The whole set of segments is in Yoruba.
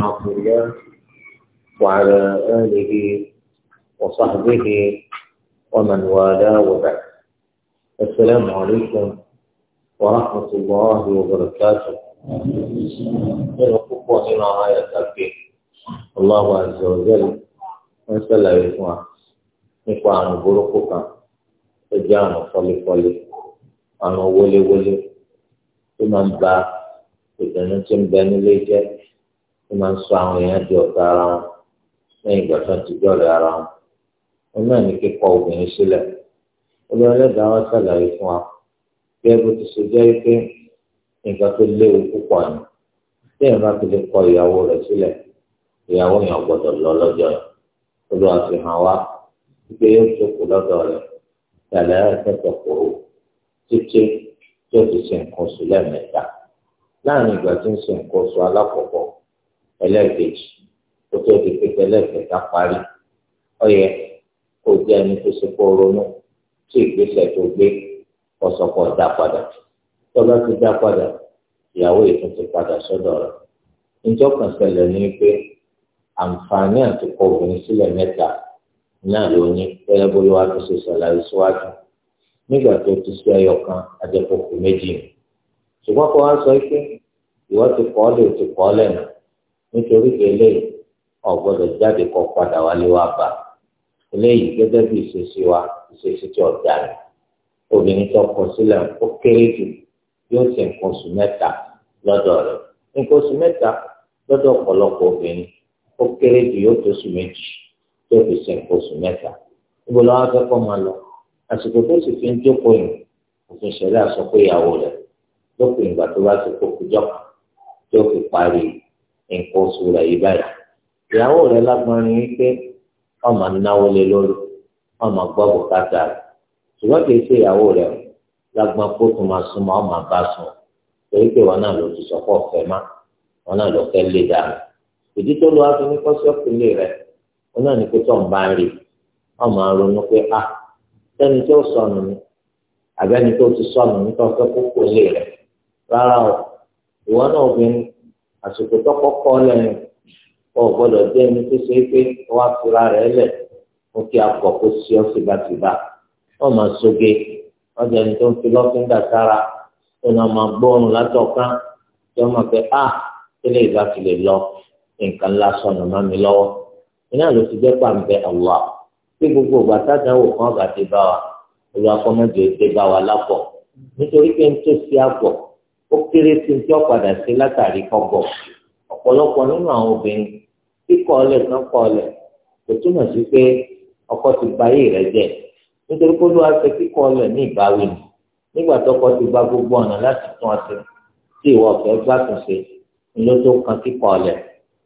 عبد الله وعلى آله وصحبه ومن والاه وبعد السلام عليكم ورحمة الله وبركاته الحقوق هنا آية التوحيد الله عز وجل ونسأل الله يسمع nípa àrùn burúkú kan tó jẹ́ ولي ولي. àrùn wọléwọlé tó máa ń ba ó máa ń sọ àwọn èèyàn di ọ̀tá ara wọn lẹ́yìn ìgbà tó ń ti gbọ́dọ̀ ara wọn wọn náà ní kíkọ obìnrin sílẹ̀ olórí ẹlẹ́dàá ṣàlàyé fún wa bí ẹbí ti ṣe jẹ́ pé nǹkan tó léwu púpọ̀ ni bí èèyàn bá ti kọ ìyàwó rẹ̀ sílẹ̀ ìyàwó yẹn gbọ́dọ̀ lọ lọ́jọ́ yẹn olúwa fi hàn wá wípé yóò lọ́dọ̀ rẹ̀ tàlẹ́ ẹ̀kẹ́kẹ́ kòrò títí tó ti ṣe nǹkan oṣù lẹ́ẹ̀mẹ́ta láàrin ìgbà tí ń ṣe nǹkan oṣù alákọ̀ọ́kọ́ ẹlẹ́ẹ̀kejì kó tó di pípẹ́ ẹlẹ́ẹ̀kẹta parí ó yẹ kó jẹ́ ẹni tó ṣe kó ronú tí ìgbésẹ̀ tó gbé ọ̀sọ̀kọ̀ dá padà tó bá ti dá padà ìyàwó ìtún ti padà sọ́dọ̀ rẹ̀ ìjọkàn ṣẹlẹ̀ ní pé àǹfààní àti kọ obìnrin sílẹ̀ mẹ́ta náà ló ní gẹ́gẹ́ bóyá wàá tó ṣe ṣàlàyé síwájú nígbà tó ti ṣe ẹyọ kan àjẹpọ̀kù méjì ṣùgbọ́n kó wá sọ pé ìwọ ti kọ́ lè ti kọ́ lẹ́nu nítorí eléyìí ọ̀gbọ́dọ̀ jáde kọ padà wálé wá bá eléyìí gẹ́gẹ́ bí ìṣesí wa ìṣesí tí ọ̀dà rẹ̀ obìnrin tó kọ sílẹ̀ ó kéré jù yóò ṣe nǹkan oṣù mẹ́ta lọ́dọ̀ rẹ̀ nǹkan oṣù mẹ́ta lọ́dọ̀ ọ̀pọ̀lọpọ̀ obìnrin ó kéré jù yóò tó oṣù méjì tó fi ṣe nǹkan oṣù mẹ́ta níbo lọ́wọ́ akẹ́kọ̀ọ́ máa lọ àsìkò tó sì fi ń jókòó yìí òfin ṣẹlẹ̀ àsọpé ìyàwó rẹ̀ lópin ìgbà tó bá ti kó kújọ́ kan tó fi parí nǹkan oṣù rẹ̀ yìí báyìí ìyàwó rẹ̀ lágbọ́nrin wípé ọmọ náwó lé lórí ọmọ gbọ́ bùkátà rẹ̀ ṣùgbọ́n kì í ṣe ìyàwó rẹ̀ lágbọ́n kó tó máa ọmọ bá sùn torí pé wọn náà lọ lé ìdí tó fi ní lé wọn náà ní tó ń bá rí ọmọ ronú pé a ah, sẹ́ni tó sọnù ni àbẹ́ni tó ti sọnù ní kọ́síọ́pù lé rẹ̀ rárá o ìwọ náà àsìkò tó kọ́kọ́ lẹ́yìn o gbọ́dọ̀ jẹ́ ẹni tó ṣe é pé wọ́n á fura rẹ̀ lẹ̀ mo kí akọ̀ kó sí ọ síbàtìbà wọ́n máa soge wọ́n jẹ́ ẹni tó ń fi lọ́fíńdà sára tó náà máa gbóòórùn látọ̀kan tó máa fẹ́ a tẹ́lẹ̀ ìgbà fi lè lọ nǹkan ńlá sọnù má mi lọ́wọ́ iná ló ti jẹ́ pàǹbẹ́ Allah bí gbogbo ògbà sádàwò kan ọ̀gá ti bá wa olùwàkọ́mọ́jọ ti bá wa lápọ̀ nítorí pé ń tó sí àpọ̀ ó kéré sí ní tí ó padà sí látàrí kọ́gọ̀ ọ̀pọ̀lọpọ̀ nínú àwọn obìnrin kíkọ́ ọlẹ̀ kan kọ́ ọlẹ̀ kò túmọ̀ sí pé ọkọ ti gba ayé rẹ̀ jẹ́ nítorí pé olúwa ṣe kíkọ́ ọlẹ̀ ní ìbáwí ni nígbà tọkọ ti gba gbogbo ọ̀nà láti tún ọtí tí ìwọ ọ̀fẹ́ gbàtúnṣe ni ló tó kan kíkọ́ ọlẹ̀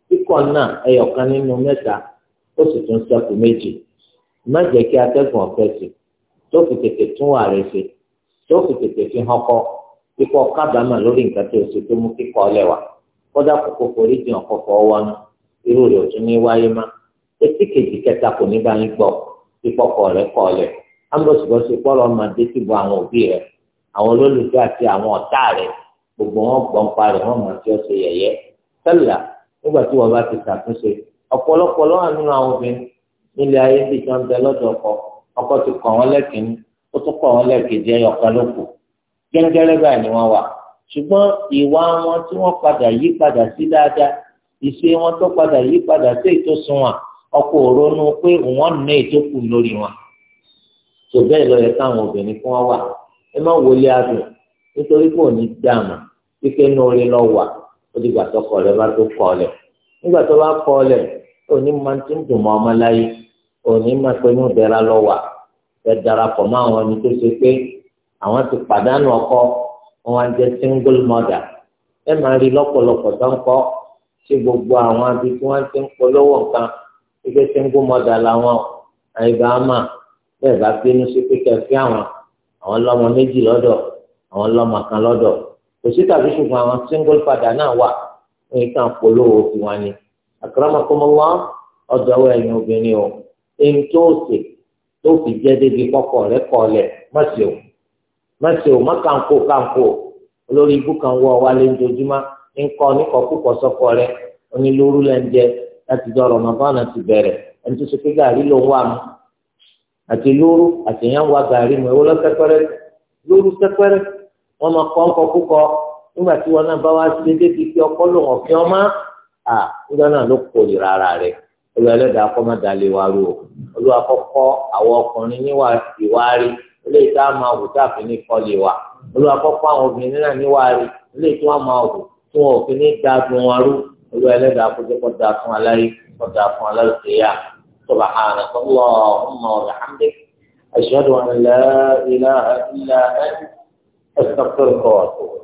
kíkọ́ náà ẹyọ̀kan nínú mẹ́ta ó sì tún ṣẹ́kù méjì má jẹ́ kí atẹ́gùn ọ̀fẹ́ sí tó fi tètè tún wà rẹ̀ ṣe tó fi tètè fi hàn kọ́ kíkọ́ kábàámà lórí nǹkan tó ṣe tó mú kíkọ́ lẹ́wà kọ́dà kòkó forí jìn ọ̀kọ̀ọ̀kọ̀ wọnú irú rẹ̀ ò tún ní wáyé má etí kejì kẹta kò ní bá ń gbọ́ kíkọ́kọ̀ rẹ̀ kọ́ lẹ̀ ambosibosi kpọ́lọ́ máa dé sí si àwọn òbí rẹ̀ àwọn olólùfẹ́ àti àwọn ọ̀tá rẹ̀ gbogbo wọn gbọ́n pa rẹ̀ wọ́n máa yẹ̀yẹ́ ti ṣàtúnṣe ọ̀pọ̀lọpọ̀ lọ́wọ́ gẹ́gẹ́rẹ́ báyìí ni wọ́n wà ṣùgbọ́n ìwà wọn tí wọ́n padà yí padà sí dáadáa ìṣe wọn tó padà yí padà sí ètò sunwọ̀n ọkọ òrónú pé wọ́n ná ètò kù lórí wọn tó bẹ́ẹ̀ lọ yẹ káwọn obìnrin kí wọ́n wà ẹ má wọlé adùn nítorí pé òní dààmú pípé nóore lọ wà ó di gbàtọ́ kọ lẹ bá tó kọ lẹ nígbà tó bá kọ lẹ òní máa ti ń dùn mọ́ ọmọ láyé òní máa pé inú ìdẹ́ra lọ wà ẹ darapọ̀ mọ́ àwọn ẹni tó ṣe pé àwọn ti pàdánù ọkọ wọn jẹ single mother ẹ máa rí lọ́pọ̀lọpọ̀ tó ń kọ sí gbogbo àwọn abi tí wọn ti ń polówó nǹkan wípé single mother làwọn àyíká àmà bẹ́ẹ̀ bá bínú sí pípẹ fí àwọn àwọn lọ́mọ méjì lọ́dọ̀ àwọn lọ́mọ kan lọ́dọ̀ kò sí tàbí ṣùgbọ́n àwọn single father náà wà ní ìtàn polówó tiwọn ni àkàràmọkọmọwá ọdọwọ ẹ̀yin obìnrin o ẹni tó ṣe tó fi jẹ débi kọkọ rẹ kọlẹ mọsí o. mọ̀sẹ̀ ò mọ̀ kanko kanko olórí ibú kan wọ wálé ojoojúmọ́ ń kọ́ níkọ̀ púpọ̀ sọ́kọ rẹ onílórú lẹ́ńjẹ láti jọ Ramadan ti bẹ̀rẹ̀ ẹni tó ṣe pé gàrí ló wà mú àti lóru àtìyàn wa gàrí mu ẹwọ́ lọ́sẹ̀pẹ́rẹ́ lóru sẹ́pẹ́rẹ́ wọ́n ńkọ nígbà tí wọn náà bá wá sí olùwàkọ́kọ́ àwọn ọkùnrin eléyìí tá a máa wò tá a fi ní kọ́lé wa olúwa kọ́kọ́ àwọn obìnrin náà níwáàrí eléyìí tí wọ́n máa wò tí wọn ò fi ní da dun wọn rú olúwa ẹlẹ́dàá kótó kó da fún aláyé kó da fún aláyé kéya subhanaka allahumma wa bihamdik ashhadu an la ilaha illa anta astaghfiruka wa atubu